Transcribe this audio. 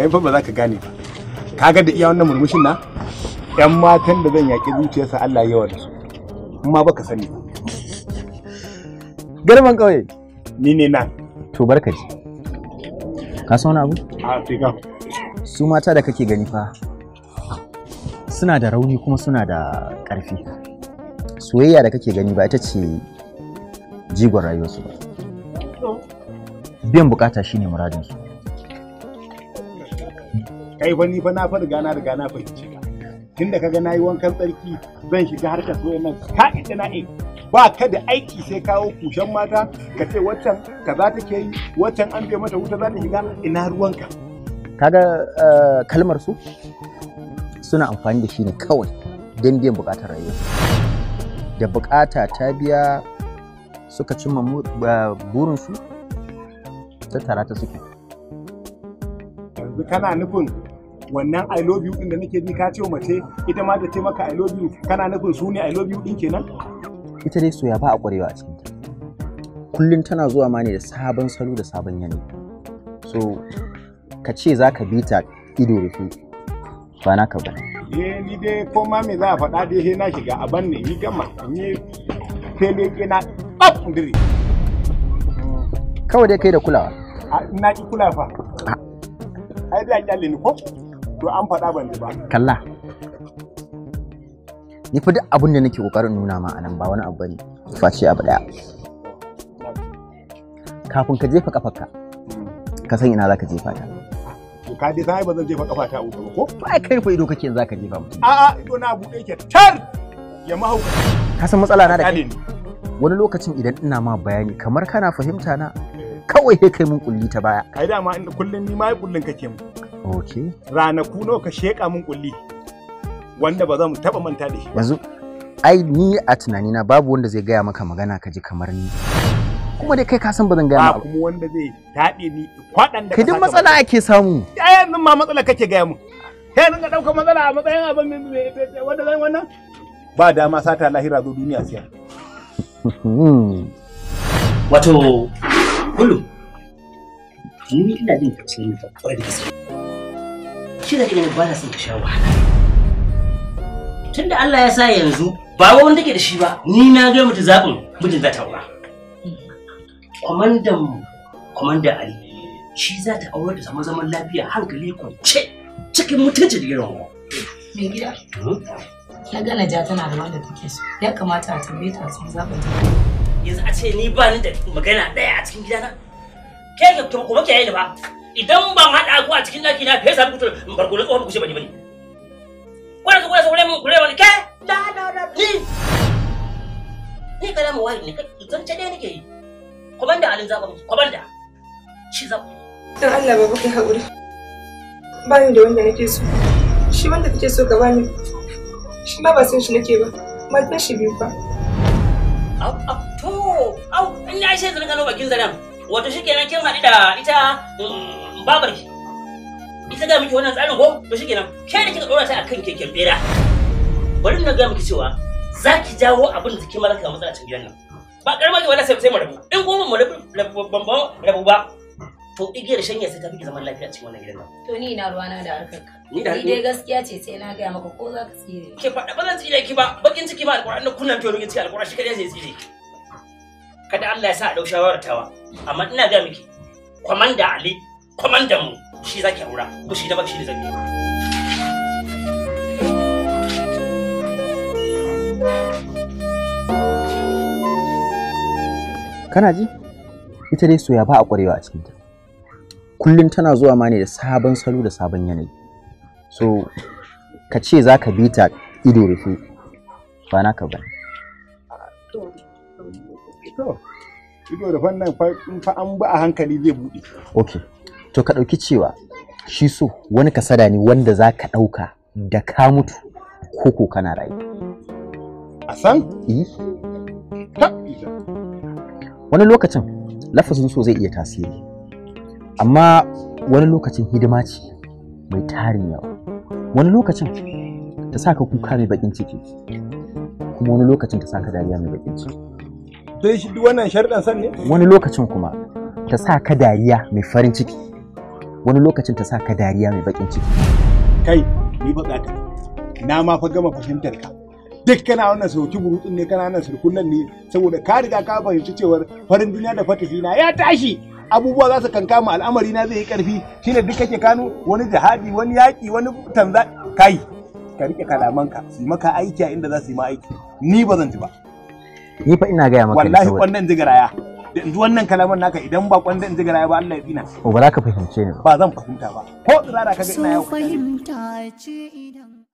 kai fa ba za ka gane ba kaga da iya wannan murmushin na yan matan da zan yaƙi zuciyarsa Allah yawa da su amma baka sani ba garman ƙauye ni ne nan to barka ji ka san wani abu a sai ka su mata da kake gani fa suna da rauni kuma suna da ƙarfi soyayya da kake gani ba ita ce jigon rayuwarsu ba biyan bukata shine muradinsu kai fa ni fa na fa riga na riga na fahimci ka tunda kaga na yi wankan tsarki zan shiga harkar soya nan ka ita na in ba ka da aiki sai kawo kushen mata ka ce waccan kaza take yi waccan an bai mata wuta za ta shiga ina ruwanka kaga eh, kalmar su suna amfani da shi ne kawai don biyan bukatar rayuwa da bukata ta biya suka cimma burinsu ta tara ta suke kana nufin wannan i love you din da nake ji ka ce mace ita ma ta ce maka i love you kana nufin su ne i love you din kenan ita dai soyayya ba a kwarewa a cikin kullum tana zuwa ma ne da sabon salo da sabon yanayi so ka ce za ka bi ta ido rufe ba ka ba eh ni dai ko ma me za a faɗa dai he na shiga a banne ni gama ni fele ke na tsaf ndiri kawai dai kai da kulawa na ki kulawa fa ai da kyalle ni ko to an faɗa ban ji ba kalla ni fa duk abin da nake kokarin nuna ma anan ba wani abu bane face abu daya kafin ka jefa kafarka ka san ina zaka jefa ta ka dai sai ba zan jefa kafa ta uku ba ko ba kai fa ido kake zaka jefa mutum a a ido na bude yake tar ya mahauka ka san matsala na da kai wani lokacin idan ina ma bayani kamar kana fahimta na kawai sai kai mun kulli ta baya kai dama inda kullun ni ma kullun kake mu okay. ranaku nawa ka sheƙa min kulli wanda ba za mu taɓa manta da shi yanzu ai ni a tunanina babu wanda zai gaya maka magana ka ji kamar ni kuma dai kai ka san ba zan gaya maka kuma wanda zai daɗe ni kwaɗan da kai duk matsala ake samu ai yanzu ma matsala kake gaya mu kai rinka ɗaukar matsala a matsayin abin wanda zan wannan ba dama sata lahira zo duniya siya wato Kulu ni ina jin tausayin babbar gaske shi da ganin ba na son ka sha wahala tunda Allah ya sa yanzu ba wanda take da shi ba ni na ga mutu zabin mijin zata ta aura kwamandan mu kwamandan Ali shi za ta aure da zama zaman lafiya hankali kwance cikin mutunci da girma mai gida hmm? na gana ja tana da wanda take so ya kamata a tambaye ta sun zaɓa ta yanzu a ce ni ba ni da magana ɗaya a cikin gidana ke ga kuma ke yi da ba idan ban haɗa ku a cikin ɗaki na fesa muku in farko na tsohon ku ce bane bane kwanan so kuna so kure mun kure wani ke da da da ni ni kana mu wani ne kai idan ce dai nake yi komanda alin zaba miki komanda shi zaba dan Allah ba kai haƙuri ba ni da wanda nake so shi wanda kake so ka bani shi ma ba san shi nake ba matan shi biyu fa au au to au in ya shi zan gano bakin zanen wato shi kenan kin haɗu da ita mm, babar ki ita ga miki wannan tsarin ko to shi kenan ke da kika ɗora ta a kan keken bera bari na ga miki cewa za ki jawo abin da kin malaka matsala cikin gidan nan ba karama ki wala sai sai mu rabu in goma mu rabu rabu ba to igiyar shanya sai ta fi zaman lafiya cikin wannan gidan nan. To ni na ruwana da harkar ka. Ni da dai gaskiya ce sai na gaya maka ko za ka tsire. Ke faɗa ba zan tsire ki ba bakin ciki ba alƙur'an na kunnan to ne ciki alƙur'an shi kadai zai tsire ki. kada Allah ya sa a ɗau shawarar tawa amma ina ga miki kwamanda Ali kwamandan mu shi zaki aura ko shi da baki da zaki kana ji ita dai soya ba a kwarewa a cikinta kullum tana zuwa ma ne da sabon salo da sabon yanayi so ka ce za ka bi ta ido rufe ba na ka ba to ido da an ba a hankali zai buɗe to ka ɗauki cewa shi so wani kasada ne wanda za ka ɗauka da ka mutu ko ko kana rayu a san eh. wani lokacin lafazin so zai iya tasiri amma wani lokacin hidima ce mai tarin yawa wani lokacin ta sa ka kuka mai bakin ciki kuma wani lokacin ta sa ka dariya mai bakin ciki to shi duk wannan sharɗan san ne wani lokacin kuma ta sa ka dariya mai farin ciki wani lokacin ta sa ka dariya mai bakin ciki kai ni ba ta na ma fa gama fahimtar ka duk kana wannan sauki burutun ne kana wannan surkun ne saboda ka riga ka fahimci cewar farin duniya da fatafi na ya tashi abubuwa za su kankama al'amari na zai yi karfi shine duk kake kano wani jihadi wani yaki wani tanza kai ka rike kalamanka su maka aiki a inda za su yi ma aiki ni ba zan ji ba ni fa ina gaya maka wallahi wannan jigaraya da wannan kalaman naka idan ba kwanda jigaraya ba Allah ya tsina oh, ba za ka fahimce ni ba Ba zan fahimta ba ko tsirara kaga ina yau fahimta ce idan